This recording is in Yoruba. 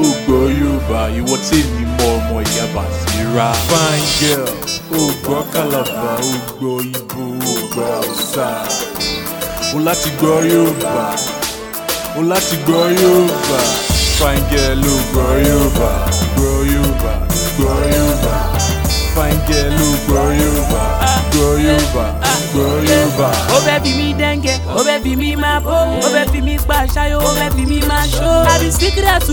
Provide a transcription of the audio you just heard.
ó gbọ́ Yorùbá ìwọ tèmi more? More ìyá Bàsírá. fine girl ó gbọ́ Kàlàbà ó gbọ́ Ìgbò ó gbọ́ Haúsá. ó láti gbọ́ Yorùbá ó láti gbọ́ Yorùbá. fine girl ó gbọ́ Yorùbá gbọ́ Yorùbá gbọ́ Yorùbá. fine girl ó gbọ́ Yorùbá gbọ́ Yorùbá gbọ́ Yorùbá. ó fẹ́ fi mí dẹ́ngẹ́ ó me fi mí máa bó ó fẹ́ fi mí pa ṣáyó ó fẹ́ fi mí máa ṣó. àbí